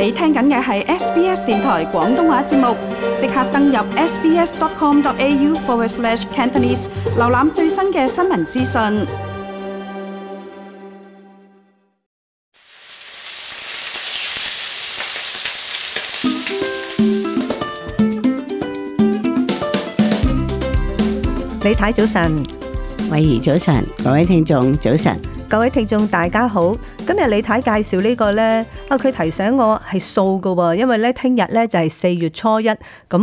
你聽緊嘅係 SBS 電台廣東話節目，即刻登入 sbs.com.au/cantonese 瀏覽最新嘅新聞資訊。李太早晨，偉兒早晨，各位聽眾早晨，各位聽眾大家好。今日李太介紹呢、呢個呢，啊佢提醒我係素嘅喎，因為呢聽日呢就係四月初一，咁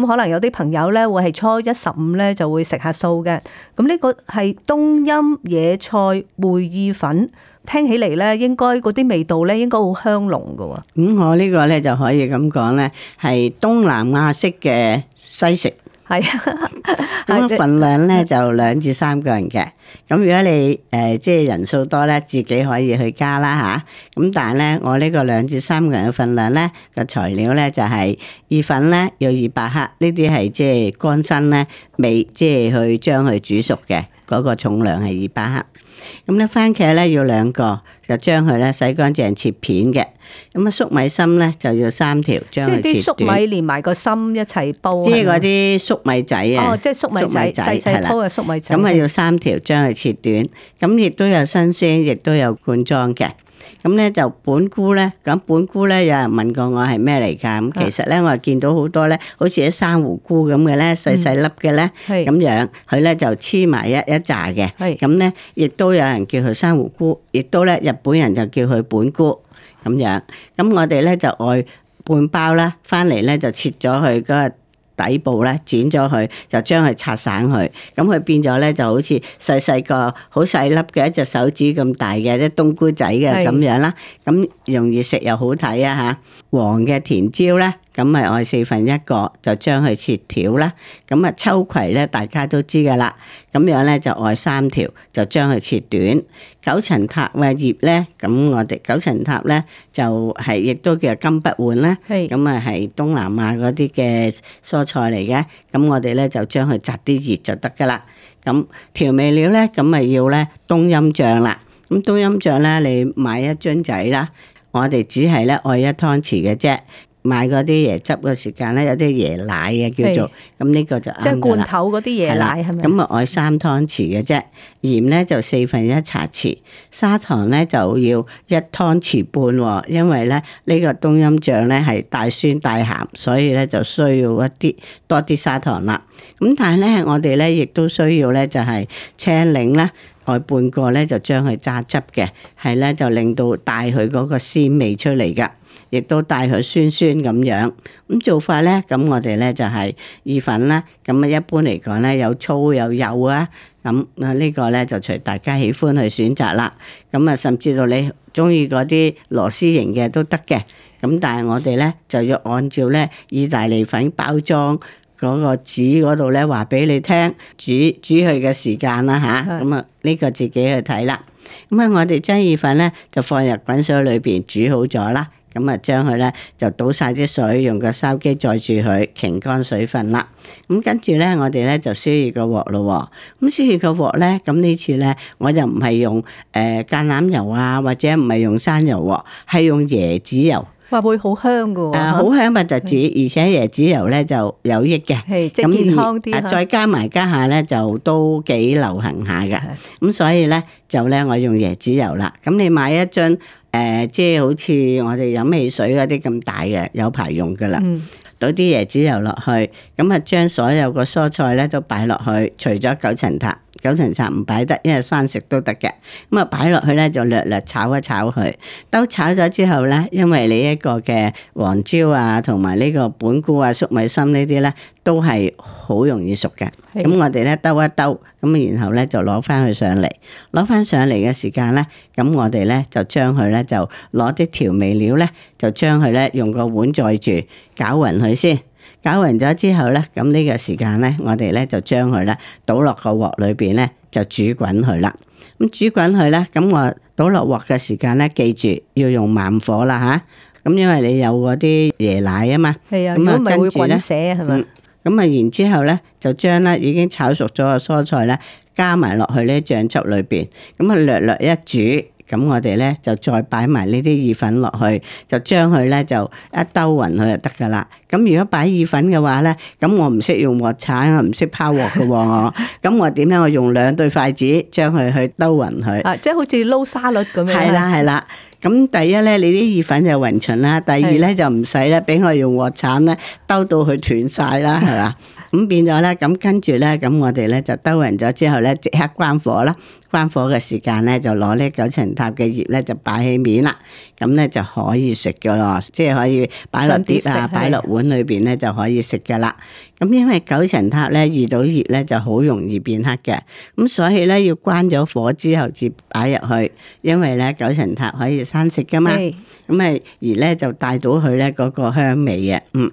可能有啲朋友呢會係初一十五呢就會食下素嘅。咁、這、呢個係冬蔭野菜燴意粉，聽起嚟呢應該嗰啲味道呢應該好香濃嘅喎。咁、嗯、我呢個呢就可以咁講呢，係東南亞式嘅西食。係啊，個 份量咧，就兩至三個人嘅。咁如果你誒即係人數多咧，自己可以去加啦吓。咁、啊、但係咧，我呢個兩至三個人嘅份量咧，個材料咧就係、是、意粉咧要二百克，是是呢啲係即係乾身咧未即係去將佢煮熟嘅嗰、那個重量係二百克。咁咧，番茄咧要兩個。就將佢咧洗乾淨切片嘅，咁啊粟米芯咧就要三條將佢切。即係啲粟米連埋個心一齊煲。即係嗰啲粟米仔啊！哦，即係粟米仔，細細煲嘅粟米仔。咁啊了要三條將佢切短，咁亦都有新鮮，亦都有罐裝嘅。咁咧就本菇咧，咁本菇咧有人問過我係咩嚟㗎？咁、啊、其實咧我係見到好多咧，好似啲珊瑚菇咁嘅咧，細細粒嘅咧，咁樣、嗯、佢咧就黐埋一一紮嘅。咁咧亦都有人叫佢珊瑚菇，亦都咧日本人就叫佢本菇咁樣。咁我哋咧就外半包啦，翻嚟咧就切咗佢嗰底部咧剪咗佢，就將佢拆散佢，咁佢變咗咧就好似細細個好細粒嘅一隻手指咁大嘅啲冬菇仔嘅咁樣啦，咁是容易食又好睇啊嚇！黃嘅甜椒咧。咁咪愛四分一個，就將佢切條啦。咁啊，秋葵咧，大家都知噶啦。咁樣咧就愛三條，就將佢切短。九層塔嘅葉咧，咁我哋九層塔咧就係、係、亦都叫金不換啦。咁啊係，係東南亞嗰啲嘅蔬菜嚟嘅。咁我哋咧就將佢摘啲葉就得噶啦。咁調味料咧，咁啊要咧冬陰醬啦。咁冬陰醬咧，你買一樽仔啦。我哋只係咧愛一湯匙嘅啫。買嗰啲椰汁嘅時間咧，有啲椰奶呀叫做，咁呢是個就啱即係罐頭嗰啲椰奶係咪？咁啊的，我三的湯匙嘅啫，鹽咧就四分一茶匙，砂糖咧就要一湯匙半，因為咧呢個冬陰醬咧係大酸大鹹，所以咧就需要一啲多啲砂糖啦。咁但係咧，我哋咧亦都需要咧就係青檸啦。外半個咧就將佢榨汁嘅，係咧就令到帶佢嗰個鮮味出嚟噶，亦都帶佢酸酸咁樣。咁做法咧，咁我哋咧就係意粉啦。咁啊一般嚟講咧，有粗有幼啊。咁啊呢個咧就隨大家喜歡去選擇啦。咁啊，甚至到你中意嗰啲螺絲型嘅都得嘅。咁但係我哋咧就要按照咧意大利粉包裝。嗰個紙嗰度咧話俾你聽，煮煮佢嘅時間啦吓，咁啊呢個自己去睇啦。咁啊，我哋將意粉咧就放入滾水裏邊煮好咗啦，咁啊將佢咧就倒晒啲水，用個筲箕載住佢，擎乾水分啦。咁跟住咧，我哋咧就需要個鑊咯。咁需要個鑊咧，咁呢次咧我就唔係用誒橄欖油啊，或者唔係用山油鑊，啊，係用椰子油。話會好香嘅，誒、啊，好香密就椰子。的而且椰子油咧就有益嘅，係即健康啲。而的再加埋加下咧就都幾流行下嘅，咁的所以咧就咧我用椰子油啦。咁你買一樽，誒、呃，即係好似我哋飲汽水嗰啲咁大嘅，有排用噶啦。嗯、倒啲椰子油落去，咁啊將所有個蔬菜咧都擺落去，除咗九層塔。九層茶唔擺得，因為生食都得嘅。咁啊擺落去咧就略略炒一炒佢，兜炒咗之後咧，因為你一個嘅黃椒啊，同埋呢個本菇啊、粟米芯呢啲咧，都係好容易熟嘅。咁的我哋咧兜一兜，咁然後咧就攞翻去上嚟，攞翻上嚟嘅時間咧，咁我哋咧就將佢咧就攞啲調味料咧，就將佢咧用個碗載住攪勻佢先。攪勻咗之後咧，咁、這、呢個時間咧，我哋咧就將佢咧倒落個鑊裏邊咧就煮滾佢啦。咁煮滾佢咧，咁我倒落鑊嘅時間咧，記住要用慢火啦吓。咁因為你有嗰啲椰奶啊嘛，係啊的，如果唔係會滾瀉係嘛？咁啊、嗯，吧然之後咧就將咧已經炒熟咗嘅蔬菜咧加埋落去呢醬汁裏邊，咁啊略略一煮。咁我哋咧就再擺埋呢啲意粉落去，就將佢咧就一兜勻佢就得噶啦。咁如果擺意粉嘅話咧，咁我唔識用鑊鏟，我唔識拋鑊嘅我，咁 我點樣？我用兩對筷子將佢去兜勻佢。啊，即係好似撈沙律咁樣啦。係啦係啦，咁第一咧，你啲意粉就勻循啦。第二咧的就唔使啦，俾我用鑊鏟咧兜到佢斷晒啦，係嘛。 咁變咗咧，咁跟住咧，咁我哋咧就兜勻咗之後咧，即刻關火啦。關火嘅時間咧，就攞呢九層塔嘅葉咧，就擺喺面啦。咁咧就可以食㗎咯，即係可以擺落碟啊，擺落碗裏邊咧就可以食㗎啦。咁因為九層塔咧遇到熱咧就好容易變黑嘅，咁所以咧要關咗火之後先擺入去，因為咧九層塔可以生食噶嘛。咁啊是而咧就帶到佢咧嗰個香味嘅，嗯。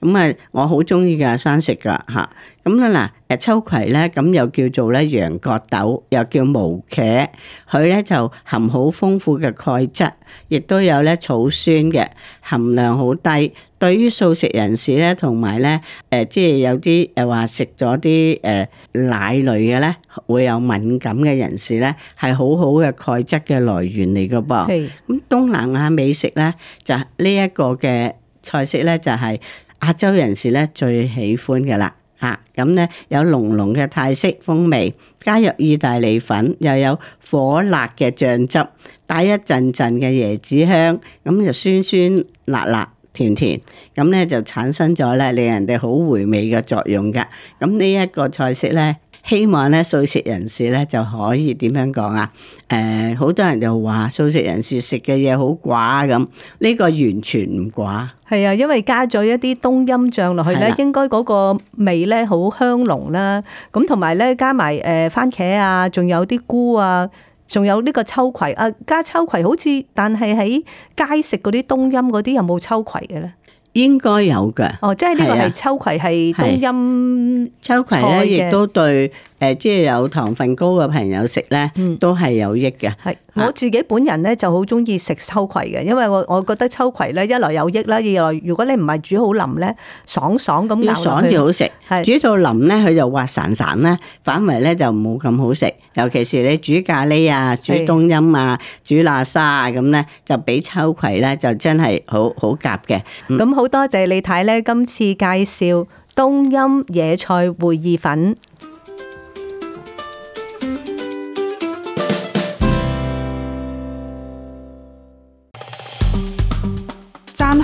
咁啊，我好中意嘅生食噶嚇，咁啦，嗱，誒秋葵咧，咁又叫做咧羊角豆，又叫毛茄，佢咧就含好豐富嘅鈣質，亦都有咧草酸嘅含量好低，對於素食人士咧，同埋咧誒，即係有啲誒話食咗啲誒奶類嘅咧，會有敏感嘅人士咧，係好好嘅鈣質嘅來源嚟嘅噃。係。咁東南亞美食咧，就呢一個嘅菜式咧，就係。亞洲人士咧最喜歡嘅啦，啊咁咧有濃濃嘅泰式風味，加入意大利粉，又有火辣嘅醬汁，帶一陣陣嘅椰子香，咁就酸酸辣辣、甜甜，咁咧就產生咗咧令人哋好回味嘅作用㗎。咁呢一個菜式咧。希望咧素食人士咧就可以點樣講啊？誒、呃，好多人就話素食人士食嘅嘢好寡咁，呢、這個完全唔寡。係啊，因為加咗一啲冬蔭醬落去咧，啊、應該嗰個味咧好香濃啦。咁同埋咧加埋誒番茄啊，仲有啲菇啊，仲有呢個秋葵啊，加秋葵好似，但係喺街食嗰啲冬蔭嗰啲有冇秋葵嘅咧？應該有嘅。哦，即係呢個係秋葵是、啊，係冬陰秋葵咧，亦都對。誒，即係有糖分高嘅朋友食咧，都係有益嘅。係我自己本人咧，就好中意食秋葵嘅，因為我我覺得秋葵咧一來有益啦，二來如果你唔係煮好腍咧，爽爽咁咬落去要爽至好食。係是煮到腍咧，佢就滑潺潺咧，反為咧就冇咁好食。尤其是你煮咖喱啊、煮冬陰啊、是煮喇沙啊咁咧，就畀秋葵咧就真係好好夾嘅。咁好多謝你睇咧，今次介紹冬陰野菜會意粉。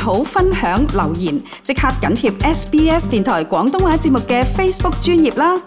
好分享留言，即刻緊貼 SBS 電台廣東話節目嘅 Facebook 專頁啦！